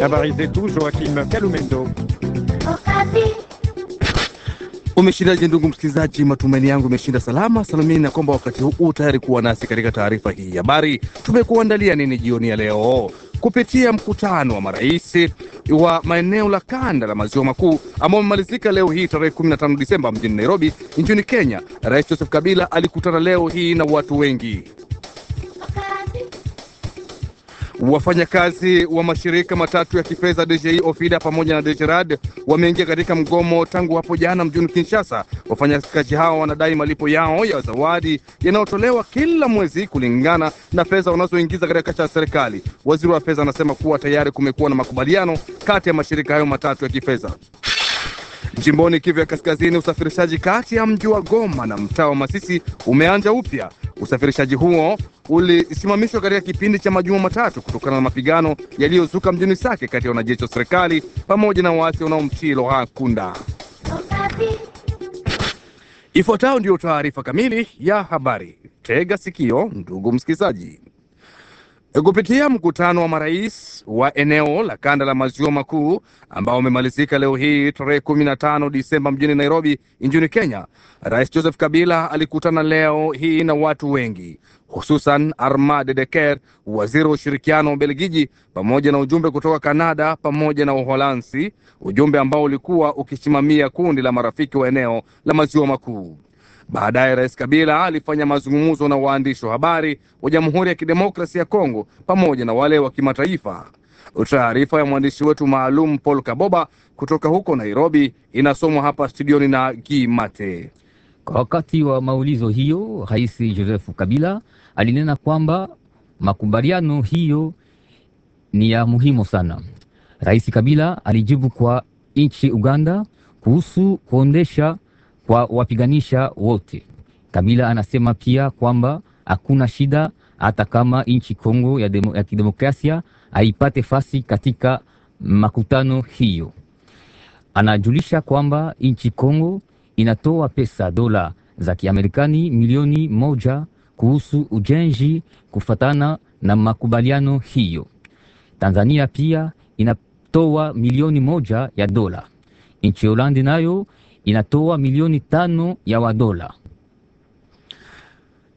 Habari zetu Joakim Kalumendo. Umeshindaje ndugu msikilizaji? Matumaini yangu umeshinda salama salamini, na kwamba wakati huu tayari kuwa nasi katika taarifa hii habari. Tumekuandalia nini jioni ya leo? Kupitia mkutano wa marais wa maeneo la kanda la maziwa makuu ambao umemalizika leo hii tarehe 15 Disemba mjini Nairobi nchini Kenya, Rais Joseph Kabila alikutana leo hii na watu wengi Wafanyakazi wa mashirika matatu ya kifedha DGI, OFIDA pamoja na DGRAD wameingia katika mgomo tangu hapo jana mjini Kinshasa. Wafanyakazi hao wanadai malipo yao ya zawadi yanayotolewa kila mwezi kulingana na fedha wanazoingiza katika kasha ya serikali. Waziri wa fedha anasema kuwa tayari kumekuwa na makubaliano kati ya mashirika hayo matatu ya kifedha. Jimboni Kivu ya Kaskazini, usafirishaji kati ya mji wa Goma na mtaa wa Masisi umeanza upya. Usafirishaji huo ulisimamishwa katika kipindi cha majuma matatu kutokana na mapigano yaliyozuka mjini Sake kati ya wanajeshi wa serikali pamoja na waasi wanaomtii Laurent Nkunda. Ifuatayo ndiyo taarifa kamili ya habari. Tega sikio, ndugu msikilizaji. Kupitia mkutano wa marais wa eneo la kanda la maziwa makuu ambao umemalizika leo hii tarehe 15 Disemba mjini Nairobi nchini Kenya, Rais Joseph Kabila alikutana leo hii na watu wengi, hususan armade de waziri wa ushirikiano wa Ubelgiji, pamoja na ujumbe kutoka Kanada pamoja na uholansi ujumbe ambao ulikuwa ukisimamia kundi la marafiki wa eneo la maziwa makuu. Baadaye Rais Kabila alifanya mazungumzo na waandishi wa habari wa Jamhuri ya Kidemokrasia ya Kongo pamoja na wale wa kimataifa. Taarifa ya mwandishi wetu maalum Paul Kaboba kutoka huko Nairobi inasomwa hapa studioni na Gimate. Wakati wa maulizo hiyo, Rais Joseph Kabila alinena kwamba makubaliano hiyo ni ya muhimu sana. Rais Kabila alijibu kwa nchi Uganda kuhusu kuondesha kwa wapiganisha wote. Kabila anasema pia kwamba hakuna shida hata kama nchi Kongo ya, demo, ya kidemokrasia haipate fasi katika makutano hiyo. Anajulisha kwamba nchi Kongo inatoa pesa dola za Kiamerikani milioni moja kuhusu ujenzi kufatana na makubaliano hiyo. Tanzania pia inatoa milioni moja ya dola. Nchi Holandi nayo inatoa milioni tano ya wadola.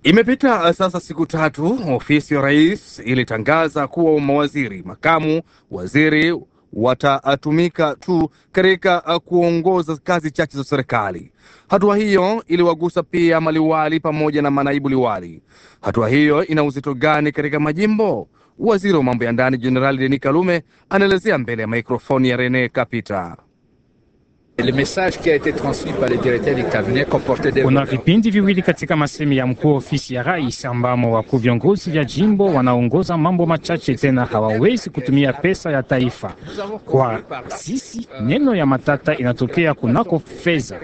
Imepita uh, sasa siku tatu, ofisi ya rais ilitangaza kuwa mawaziri, makamu waziri watatumika tu katika uh, kuongoza kazi chache za serikali. Hatua hiyo iliwagusa pia maliwali pamoja na manaibu liwali. Hatua hiyo ina uzito gani katika majimbo? Waziri wa mambo ya ndani Jenerali Denis Kalume anaelezea mbele ya mikrofoni ya Rene Kapita. Kuna vipindi viwili katika masemi ya mkuu ofisi ya rais, ambamo wakuu viongozi vya jimbo wanaongoza mambo machache, tena hawawezi kutumia pesa ya taifa. Kwa sisi neno ya matata inatokea kunako fedha.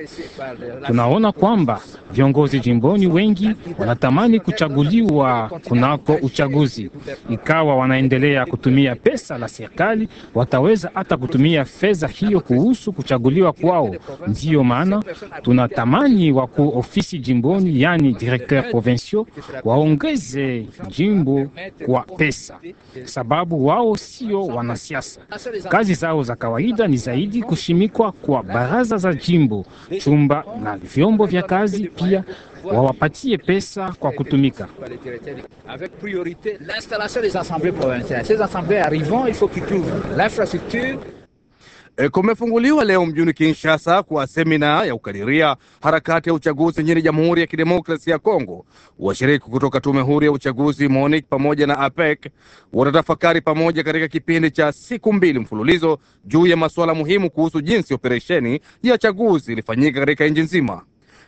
Tunaona kwamba viongozi jimboni wengi wanatamani kuchaguliwa kunako uchaguzi, ikawa wanaendelea kutumia pesa la serikali, wataweza hata kutumia fedha hiyo kuhusu kuchaguliwa kwao. Ndiyo maana tunatamani wakuu ofisi jimboni, yani directeur provincial, waongeze jimbo kwa pesa, sababu wao sio wanasiasa. Kazi zao za kawaida ni zaidi kushimikwa kwa baraza za jimbo, chumba na vyombo vya kazi. Pia wawapatie pesa kwa kutumika avec priorité E, kumefunguliwa leo mjini Kinshasa kwa semina ya ukadiria harakati ya uchaguzi nchini Jamhuri ya Kidemokrasia ya Kongo. Washiriki kutoka tume huru ya uchaguzi monic pamoja na APEC watatafakari pamoja katika kipindi cha siku mbili mfululizo juu ya masuala muhimu kuhusu jinsi operesheni ya chaguzi ilifanyika katika nchi nzima.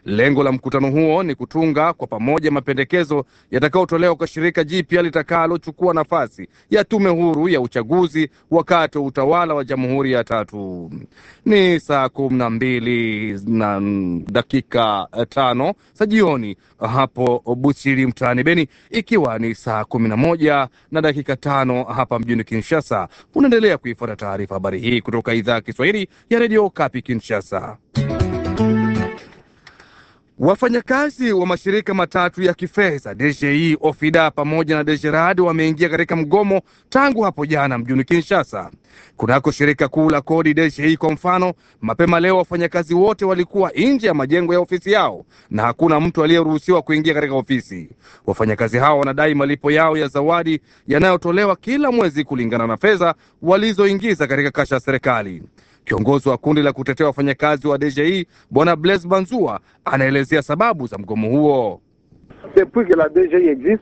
Lengo la mkutano huo ni kutunga kwa pamoja mapendekezo yatakayotolewa kwa shirika jipya litakalochukua nafasi ya tume huru ya uchaguzi wakati wa utawala wa jamhuri ya tatu. Ni saa kumi na mbili na dakika eh, tano za jioni hapo Buchiri mtaani Beni, ikiwa ni saa kumi na moja na dakika tano hapa mjini Kinshasa. Unaendelea kuifuata taarifa habari hii kutoka idhaa ya Kiswahili ya redio Kapi Kinshasa. Wafanyakazi wa mashirika matatu ya kifedha DGI, e, Ofida pamoja na DGRAD wameingia katika mgomo tangu hapo jana mjini Kinshasa. Kunako shirika kuu la kodi DGI e, kwa mfano, mapema leo wafanyakazi wote walikuwa nje ya majengo ya ofisi yao na hakuna mtu aliyeruhusiwa kuingia katika ofisi. Wafanyakazi hao wanadai malipo yao ya zawadi yanayotolewa kila mwezi kulingana na fedha walizoingiza katika kasha ya serikali. Kiongozi wa kundi la kutetea wafanyakazi wa DGI e, Bwana Blaise Banzua anaelezea sababu za mgomo huo. E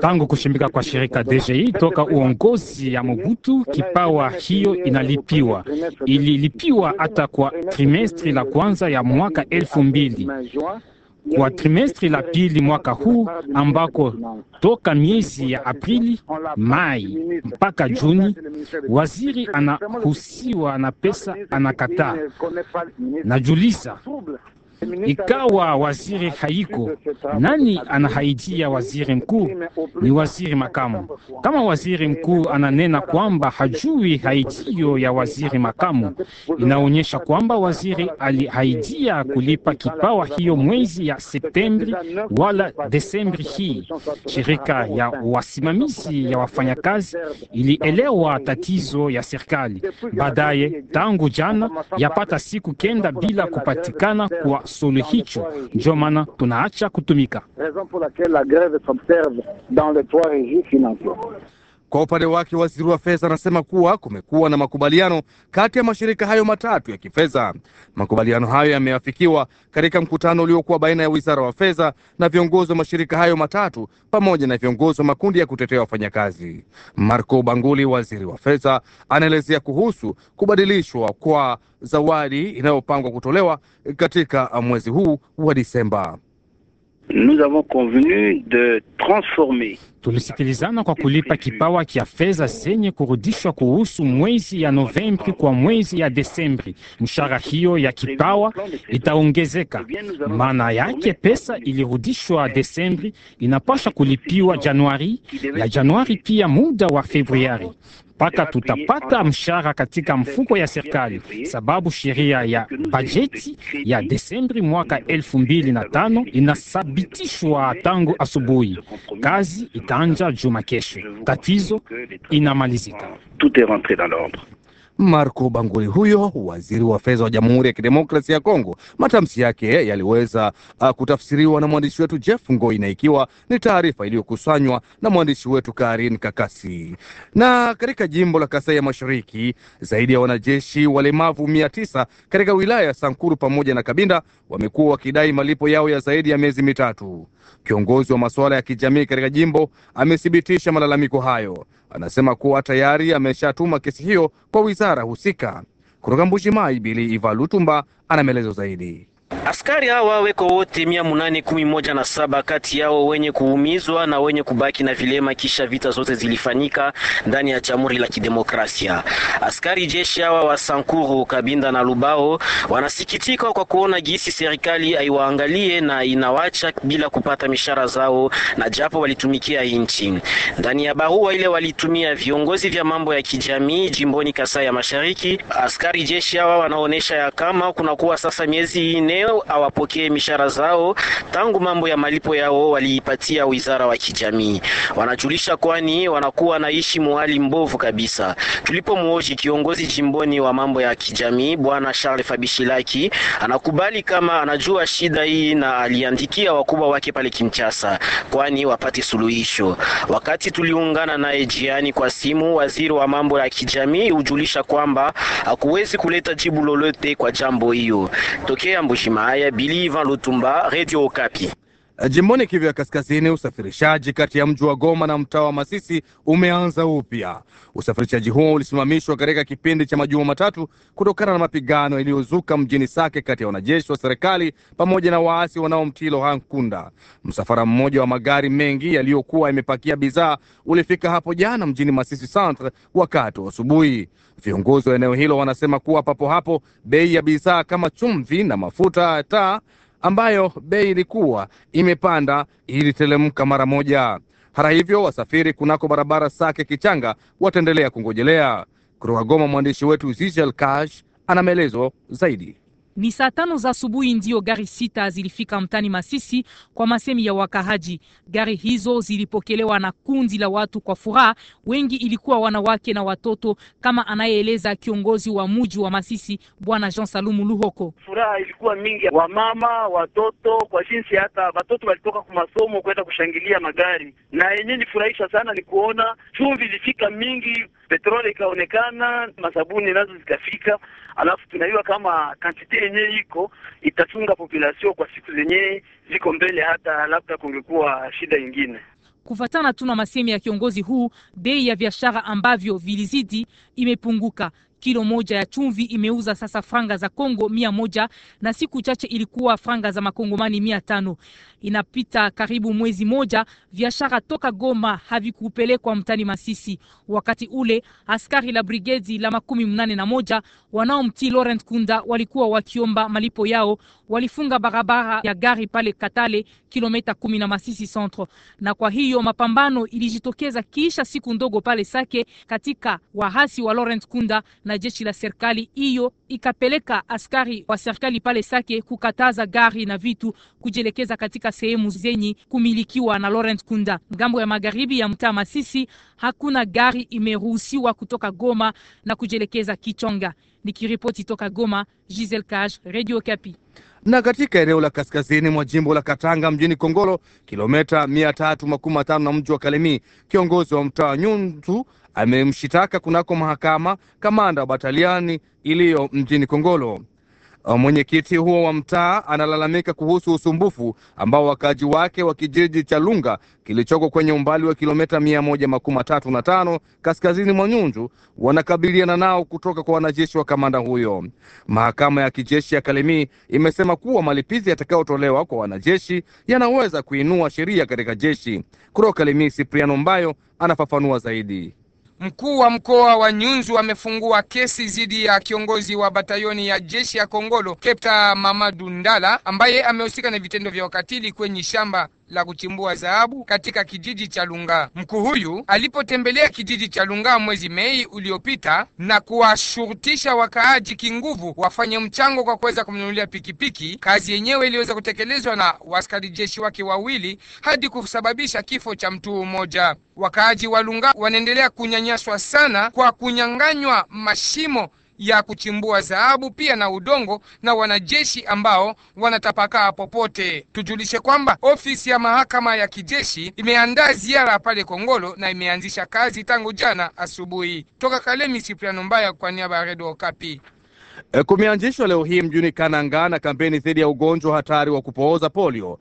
Tangu kushimika kwa shirika DGI e toka uongozi ya Mobutu, kipawa hiyo inalipiwa, ililipiwa hata kwa trimestri la kwanza ya mwaka elfu mbili kwa trimestri la pili mwaka huu ambako toka miezi ya Aprili, Mai mpaka Juni waziri anahusiwa na pesa anakataa. Najuliza ikawa waziri haiko, nani anahaitia waziri mkuu? Ni waziri makamu. Kama waziri mkuu ananena kwamba hajui haitio ya waziri makamu, inaonyesha kwamba waziri alihaidia kulipa kipawa hiyo mwezi ya Septembri wala Desembri hii. Shirika ya wasimamizi ya wafanyakazi ilielewa tatizo ya serikali baadaye, tangu jana yapata siku kenda bila kupatikana kwa suluhicho, Ndio maana tunaacha kutumika. Kwa upande wake, waziri wa fedha anasema kuwa kumekuwa na makubaliano kati ya mashirika hayo matatu ya kifedha. Makubaliano hayo yameafikiwa katika mkutano uliokuwa baina ya wizara wa fedha na viongozi wa mashirika hayo matatu pamoja na viongozi wa makundi ya kutetea wafanyakazi. Marco Banguli, waziri wa fedha, anaelezea kuhusu kubadilishwa kwa zawadi inayopangwa kutolewa katika mwezi huu wa Disemba nous avons convenu de transformer. Tulisikilizana kwa kulipa kipawa kia fedha zenye kurudishwa kuhusu mwezi ya Novembri kwa mwezi ya Desembri. Mshahara hiyo ya kipawa itaongezeka. Eh Maana yake pesa ilirudishwa Desembri inapaswa kulipiwa Januari, ya Januari pia muda wa Februari mpaka tutapata mshahara katika mfuko ya serikali, sababu sheria ya bajeti ya Desembri mwaka elfu mbili na tano inasabitishwa tangu asubuhi. Kazi itaanja juma kesho, tatizo inamalizika. Marco Banguli, huyo waziri wa fedha wa Jamhuri ya Kidemokrasia ya Kongo. Matamshi yake yaliweza uh, kutafsiriwa na mwandishi wetu Jeff Ngoi, na ikiwa ni taarifa iliyokusanywa na mwandishi wetu Karin Kakasi. Na katika jimbo la Kasai ya Mashariki, zaidi ya wanajeshi walemavu mia tisa katika wilaya ya Sankuru pamoja na Kabinda wamekuwa wakidai malipo yao ya zaidi ya miezi mitatu. Kiongozi wa masuala ya kijamii katika jimbo amethibitisha malalamiko hayo anasema kuwa tayari ameshatuma kesi hiyo kwa wizara husika. Kutoka Mbushimai, Bili Iva Lutumba ana maelezo zaidi. Askari hawa weko wote mia munane kumi moja na saba kati yao wenye kuumizwa na wenye kubaki na vilema, kisha vita zote zilifanyika ndani ya Jamhuri la Kidemokrasia. Askari jeshi hawa wa Sankuru, Kabinda na Lubao wanasikitika kwa kuona gisi serikali haiwaangalie na inawacha bila kupata mishara zao, na japo walitumikia nchi. Ndani ya barua ile walitumia viongozi vya mambo ya kijamii jimboni Kasai ya Mashariki, askari jeshi hawa wanaonesha ya kama kunakuwa sasa miezi ine maeneo awapokee mishahara zao tangu mambo ya malipo yao waliipatia wizara wa kijamii. Wanajulisha kwani wanakuwa naishi muhali mbovu kabisa. Tulipomwoji kiongozi jimboni wa mambo ya kijamii bwana Charles Fabishilaki anakubali kama anajua shida hii na aliandikia wakubwa wake pale Kinshasa kwani wapate suluhisho. Wakati tuliungana naye jiani kwa simu, waziri wa mambo ya kijamii hujulisha kwamba hakuwezi kuleta jibu lolote kwa jambo hiyo tokea mbuji Shimaya, bilivan Ivan Lutumba, Radio Okapi. Eh, jimboni Kivu ya Kaskazini, usafirishaji kati ya mji wa Goma na mtaa wa Masisi umeanza upya. Usafirishaji huo ulisimamishwa katika kipindi cha majuma matatu kutokana na mapigano yaliyozuka mjini Sake kati ya wanajeshi wa serikali pamoja na waasi wanaomtii Laurent Nkunda. Msafara mmoja wa magari mengi yaliyokuwa yamepakia bidhaa ulifika hapo jana mjini Masisi centre wakati wa asubuhi. Viongozi wa eneo hilo wanasema kuwa papo hapo bei ya bidhaa kama chumvi na mafuta ya taa ambayo bei ilikuwa imepanda ilitelemka mara moja. Hata hivyo, wasafiri kunako barabara Sake Kichanga wataendelea kungojelea. Kutoka Goma, mwandishi wetu Zizel Kash ana maelezo zaidi. Ni saa tano za asubuhi ndiyo gari sita zilifika mtani Masisi kwa masemi ya wakahaji. Gari hizo zilipokelewa na kundi la watu kwa furaha, wengi ilikuwa wanawake na watoto, kama anayeeleza kiongozi wa muji wa Masisi Bwana Jean Salumu Luhoko. Furaha ilikuwa mingi, wamama, watoto, kwa jinsi hata watoto walitoka kwa masomo kwenda kushangilia magari, na yenyewe nifurahisha sana ni kuona chumvi ilifika mingi petroli ikaonekana, masabuni nazo zikafika, alafu tunajua kama kantite yenyewe iko itachunga population kwa siku zenyewe ziko mbele, hata labda kungekuwa shida nyingine. Kufatana tu na masemi ya kiongozi huu, bei ya biashara ambavyo vilizidi imepunguka kilo moja ya chumvi imeuza sasa franga za Kongo mia moja na siku chache ilikuwa franga za makongomani mia tano. Inapita karibu mwezi moja biashara toka Goma havikupelekwa mtani Masisi. Wakati ule askari la brigedi la makumi mnane na moja wanaomtii Laurent Kunda walikuwa wakiomba malipo yao, walifunga barabara ya gari pale Katale kilomita kumi na Masisi centre, na kwa hiyo mapambano ilijitokeza kisha siku ndogo pale Sake katika wahasi wa Laurent Kunda na na jeshi la serikali hiyo ikapeleka askari wa serikali pale Sake kukataza gari na vitu kujielekeza katika sehemu zenye kumilikiwa na Laurent Kunda. Ngambo ya magharibi ya mtaa Masisi, hakuna gari imeruhusiwa kutoka Goma na kujielekeza Kichonga. Nikiripoti toka Goma, Giselle Cage, Radio Kapi na katika eneo la kaskazini mwa jimbo la Katanga mjini Kongolo, kilometa mia tatu makumi matano na mji wa Kalemi, kiongozi wa mtaa Nyuntu amemshitaka kunako mahakama kamanda wa bataliani iliyo mjini Kongolo. Uh, mwenyekiti huo wa mtaa analalamika kuhusu usumbufu ambao wakaaji wake wa kijiji cha Lunga kilichoko kwenye umbali wa kilometa mia moja makumi matatu na tano kaskazini mwa Nyunju wanakabiliana nao kutoka kwa wanajeshi wa kamanda huyo. Mahakama ya kijeshi ya Kalemi imesema kuwa malipizi yatakayotolewa kwa wanajeshi yanaweza kuinua sheria katika jeshi. Kutoka Kalemi, Sipriano Mbayo anafafanua zaidi. Mkuu wa mkoa wa Nyunzu amefungua kesi dhidi ya kiongozi wa batayoni ya jeshi ya Kongolo Kepta Mamadu Ndala ambaye amehusika na vitendo vya ukatili kwenye shamba la kuchimbua dhahabu katika kijiji cha Lungaa. Mkuu huyu alipotembelea kijiji cha Lungaa mwezi Mei uliopita na kuwashurutisha wakaaji kinguvu wafanye mchango kwa kuweza kumnunulia pikipiki, kazi yenyewe iliweza kutekelezwa na waskari jeshi wake wawili hadi kusababisha kifo cha mtu mmoja. Wakaaji wa Lungaa wanaendelea kunyanyaswa sana kwa kunyang'anywa mashimo ya kuchimbua dhahabu pia na udongo na wanajeshi ambao wanatapakaa popote. Tujulishe kwamba ofisi ya mahakama ya kijeshi imeandaa ziara pale Kongolo na imeanzisha kazi tangu jana asubuhi. Toka Kalemi, Sipriano Mbaya kwa niaba ya Redio Okapi. Eh, kumeanzishwa leo hii mjini Kananga na kampeni dhidi ya ugonjwa hatari wa kupooza polio.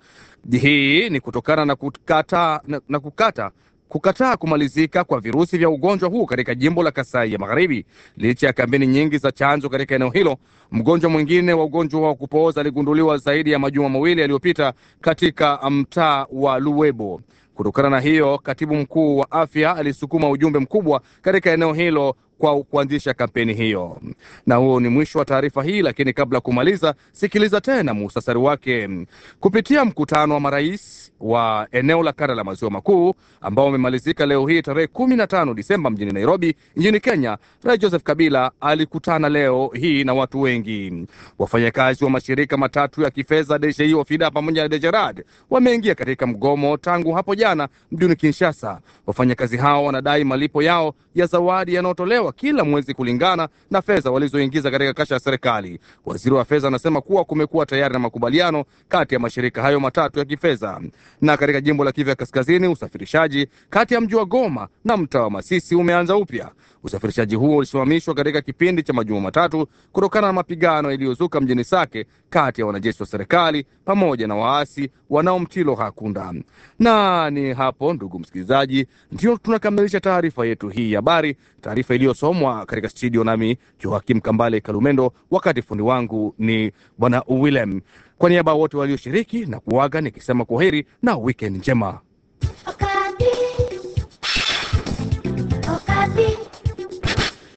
Hii ni kutokana na kukata, na, na kukata kukataa kumalizika kwa virusi vya ugonjwa huu katika jimbo la Kasai ya Magharibi licha ya kampeni nyingi za chanjo katika eneo hilo. Mgonjwa mwingine wa ugonjwa wa kupooza aligunduliwa zaidi ya majuma mawili yaliyopita katika mtaa wa Luwebo. Kutokana na hiyo, katibu mkuu wa afya alisukuma ujumbe mkubwa katika eneo hilo kwa kuanzisha kampeni hiyo. Na huo ni mwisho wa taarifa hii, lakini kabla ya kumaliza, sikiliza tena muhtasari wake. Kupitia mkutano wa marais wa eneo la kanda la maziwa makuu ambao umemalizika leo hii tarehe 15 Disemba mjini Nairobi nchini Kenya, Rais Joseph Kabila alikutana leo hii na watu wengi. Wafanyakazi wa mashirika matatu ya kifedha DJI, Wafida pamoja na Dejerad wameingia katika mgomo tangu hapo jana mjini Kinshasa. Wafanyakazi hao wanadai malipo yao ya zawadi yanayotolewa kila mwezi kulingana na fedha walizoingiza katika kasha ya serikali. Waziri wa fedha anasema kuwa kumekuwa tayari na makubaliano kati ya mashirika hayo matatu ya kifedha. Na katika jimbo la Kivu ya Kaskazini, usafirishaji kati ya mji wa Goma na mtaa wa Masisi umeanza upya. Usafirishaji huo ulisimamishwa katika kipindi cha majuma matatu kutokana na mapigano yaliyozuka mjini Sake kati ya wanajeshi wa serikali pamoja na waasi wanaomtilo Hakunda. Na ni hapo, ndugu msikilizaji, ndio tunakamilisha taarifa yetu hii ya habari, taarifa iliyosomwa katika studio nami Joakim Kambale Kalumendo, wakati fundi wangu ni Bwana Willem, kwa niaba ya wote walioshiriki na kuaga nikisema kwa heri na wikendi njema. Okay.